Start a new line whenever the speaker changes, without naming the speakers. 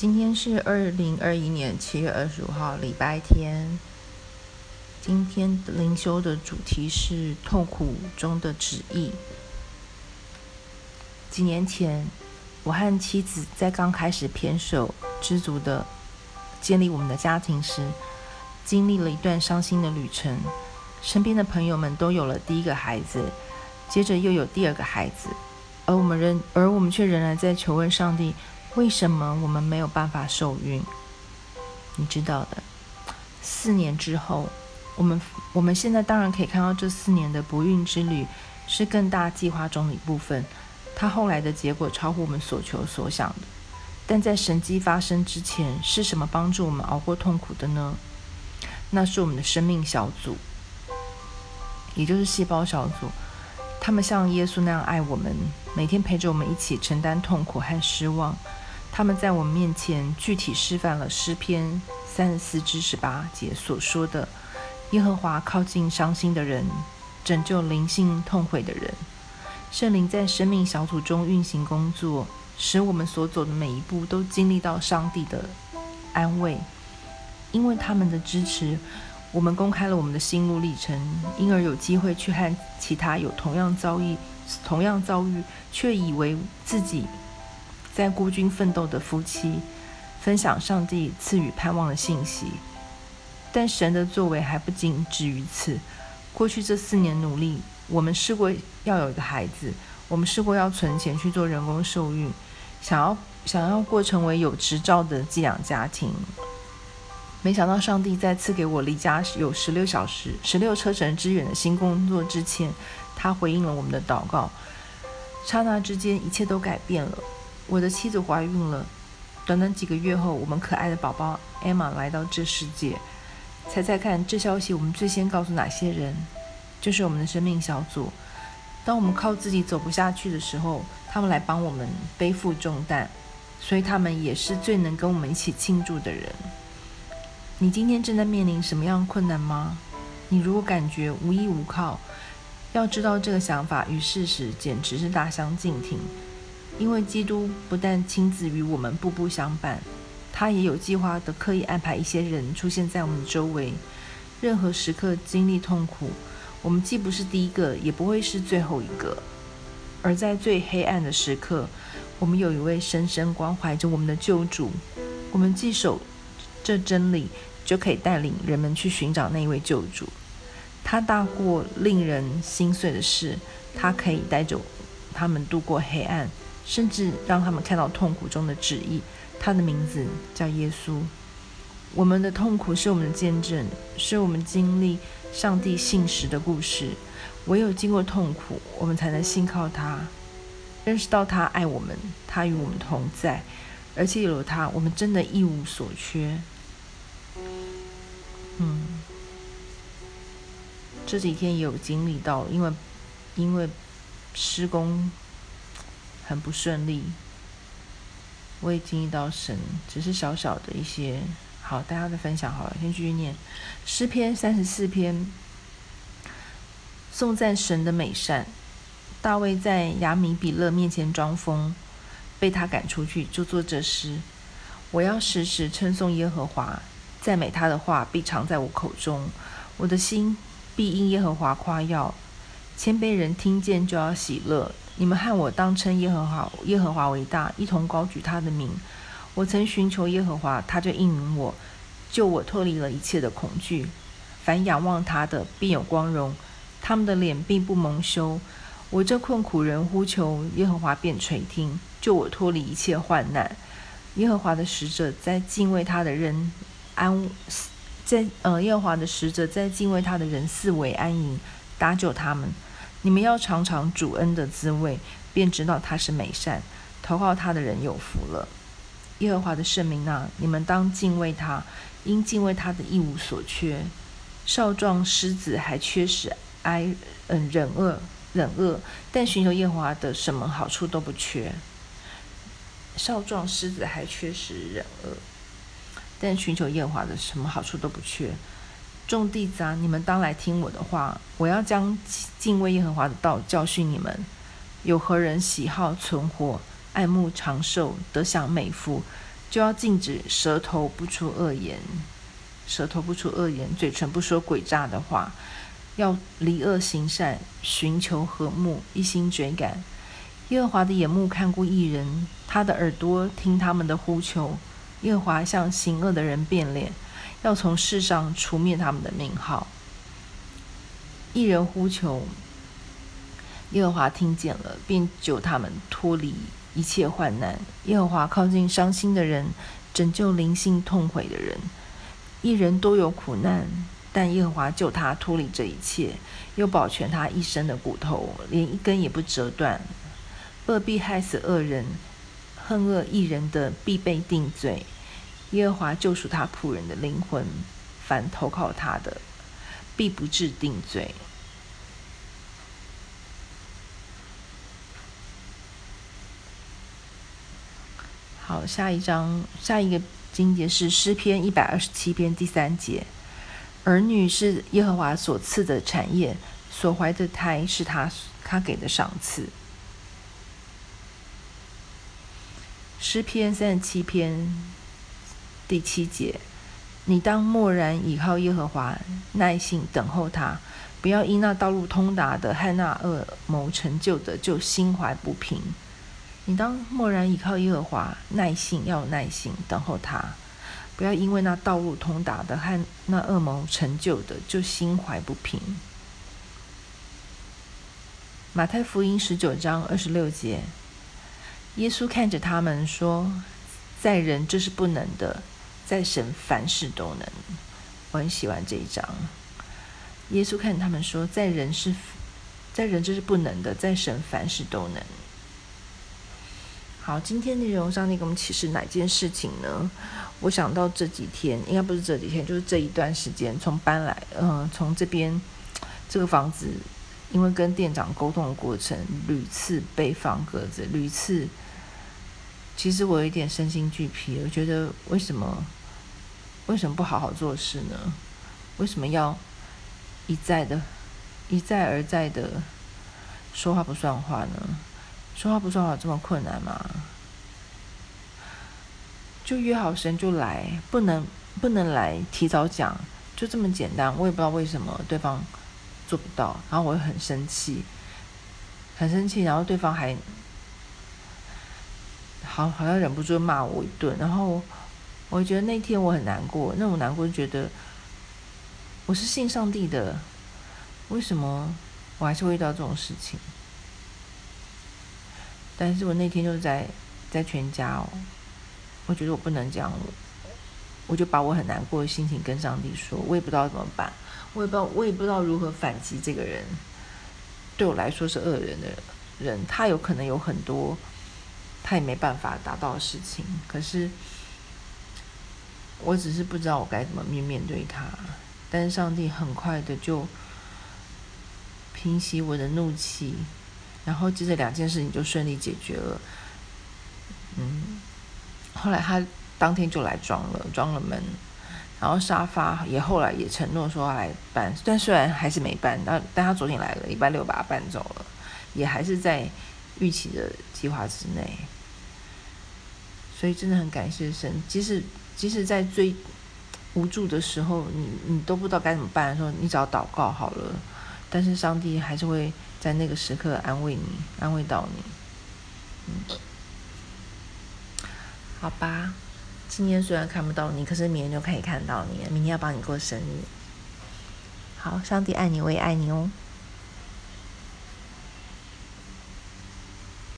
今天是二零二一年七月二十五號，禮拜天。今天靈修的主題是痛苦中的旨意。幾年前，我和妻子在剛開始胼手胝足地建立我們的家庭時，經歷了一段傷心的旅程。身邊的朋友們都有了第一個孩子，接着又有第二個孩子，而我們仍，而我們卻仍然在求問上帝，為什麼我們沒有辦法受孕？你知道的，四年之後，我們我們現在當然可以看到這四年的不孕之旅是更大計劃中的一部分。它後來的結果超乎我們所求所想的。但在神蹟發生之前，是什麼幫助我們熬過痛苦的呢？那是我們的生命小組，也就是細胞小組。他們像耶穌那樣愛我們，每天陪着我們一起承擔痛苦和失望。他們在我們面前具體示範了詩篇三十四之十八節所說的：“耶和華靠近傷心的人，拯救靈性痛悔的人。”聖靈在生命小組中運行工作，使我們所走的每一步都經歷到上帝的安慰。因為他們的支持，我們公開了我們的心路歷程，因而有機會去和其他有同樣遭遇、同樣遭遇卻以為自己。在孤軍奮鬥的夫妻，分享上帝賜予盼望的信息，但神的作為還不僅止於此。過去這四年努力，我們試過要有一個孩子，我們試過要存錢去做人工受孕，想要想要過成為有執照的寄養家庭。沒想到上帝在賜給我離家有十六小時、十六車程之遠的新工作之前，他回應了我們的禱告。剎那之間，一切都改變了。我的妻子懷孕了，短短幾個月後，我們可愛的寶寶艾瑪來到這世界。猜猜看，這消息我們最先告訴哪些人？就是我們的生命小組。當我們靠自己走不下去的時候，他們來幫我們背負重擔，所以他們也是最能跟我們一起慶祝的人。你今天正在面臨什麼樣的困難嗎？你如果感覺無依無靠，要知道這個想法與事實簡直是大相徑庭。因為基督不但親自與我們步步相伴，他也有計劃地刻意安排一些人出現在我們周圍。任何時刻經歷痛苦，我們既不是第一個，也不會是最後一個。而在最黑暗的時刻，我們有一位深深關懷着我們的救主。我們既守這真理，就可以帶領人們去尋找那一位救主。他大過令人心碎的事，他可以帶着他們度過黑暗。甚至讓他們看到痛苦中的旨意，他的名字叫耶穌。我們的痛苦是我們的見證，是我們經歷上帝信實的故事。唯有經過痛苦，我們才能信靠他，認識到他愛我們，他與我們同在，而且有了他，我們真的一無所缺。嗯，這幾天也有經歷到，因為因為施工。很不順利，我也經歷到神，只是小小的一些。好，大家再分享好了，先繼續念詩篇三十四篇，頌讚神的美善。大衛在亞米比勒面前裝瘋，被他趕出去，就作這詩。我要時時稱頌耶和華，讚美他的話必常在我口中，我的心必因耶和華誇耀。謙卑人聽見就要喜樂，你們和我當稱耶和華耶和華為大，一同高舉他的名。我曾尋求耶和華，他就應允我，救我脫離了一切的恐懼。凡仰望他的，必有光榮，他們的臉並不蒙羞。我這困苦人呼求，耶和華便垂聽，救我脫離一切患難。耶和華的使者在敬畏他的人安，在呃耶和華的使者在敬畏他的人四圍安營，搭救他們。你們要嘗嘗主恩的滋味，便知道他是美善，投靠他的人有福了。耶和華的聖民，啊，你們當敬畏他，因敬畏他的，一無所缺。少壯獅子還缺食挨，嗯、呃，忍餓忍餓，但尋求耶和華的，什麼好處都不缺。少壯獅子還缺食忍餓，但尋求耶和華的，什麼好處都不缺。眾弟子啊，你們當來聽我的話。我要將敬畏耶和華的道教訓你們。有何人喜好存活、愛慕長壽、得享美福，就要禁止舌頭不出惡言，舌頭不出惡言，嘴唇不說詭詐的話，要離惡行善，尋求和睦，一心追趕。耶和華的眼目看顧義人，他的耳朵聽他們的呼求。耶和華向行惡的人變臉。要從世上除滅他們的名號。義人呼求，耶和華聽見了，便救他們脫離一切患難。耶和華靠近傷心的人，拯救靈性痛悔的人。義人多有苦難，但耶和華救他脫離這一切，又保全他一身的骨頭，連一根也不折斷。惡必害死惡人，恨惡義人的必被定罪。耶和華救贖他僕人的靈魂，凡投靠他的，必不致定罪。好，下一章，下一個經節是詩篇一百二十七篇第三節：兒女是耶和華所賜的產業，所懷的胎是他，他給的賞賜。詩篇三十七篇。第七節，你當默然倚靠耶和華，耐性等候他，不要因那道路通達的和那惡謀成就的就心懷不平。你當默然倚靠耶和華，耐性，要有耐性等候他，不要因為那道路通達的和那惡謀成就的就心懷不平。馬太福音十九章二十六節，耶穌看着他們說：“在人這是不能的。”在神凡事都能，我很喜歡這一章。耶穌看他們說，在人是，在人就是不能的，在神凡事都能。好，今天內容上帝給我們啟示哪件事情呢？我想到這幾天，應該不是這幾天，就是這一段時間，從搬來，嗯、呃，從這邊這個房子，因為跟店長溝通的過程，屢次被放鴿子，屢次，其實我有點身心俱疲，我覺得為什麼？為什麼不好好做事呢？為什麼要一再的、一再而再的說話不算話呢？說話不算話這麼困難嗎？就約好時間就來，不能不能來，提早講，就這麼簡單。我也不知道為什麼對方做不到，然後我很生氣，很生氣，然後對方還，好好像忍不住罵我一頓，然後。我覺得那天我很難過，那我難過就覺得我是信上帝的，為什麼我還是會遇到這種事情？但是我那天就是在在全家哦，我覺得我不能這樣，我就把我很難過的心情跟上帝說，我也不知道怎麼辦，我也不知道我也不知道如何反擊這個人，對我來說是惡人的人，他有可能有很多他也沒辦法達到的事情，可是。我只是不知道我該怎麼面面對他，但是上帝很快的就平息我的怒氣，然後接着兩件事情就順利解決了。嗯，後來他當天就來裝了，裝了門，然後沙發也後來也承諾說要來搬，但雖然還是沒搬，但但他昨天來了，禮拜六把他搬走了，也還是在預期的計劃之內，所以真的很感謝神，即使。即使在最無助的時候，你你都不知道該怎麼辦的時候，你只要禱告好了，但是上帝還是會在那個時刻安慰你，安慰到你。嗯，好吧，今天雖然看不到你，可是明天就可以看到你。明天要幫你過生日，好，上帝愛你，我也愛你哦。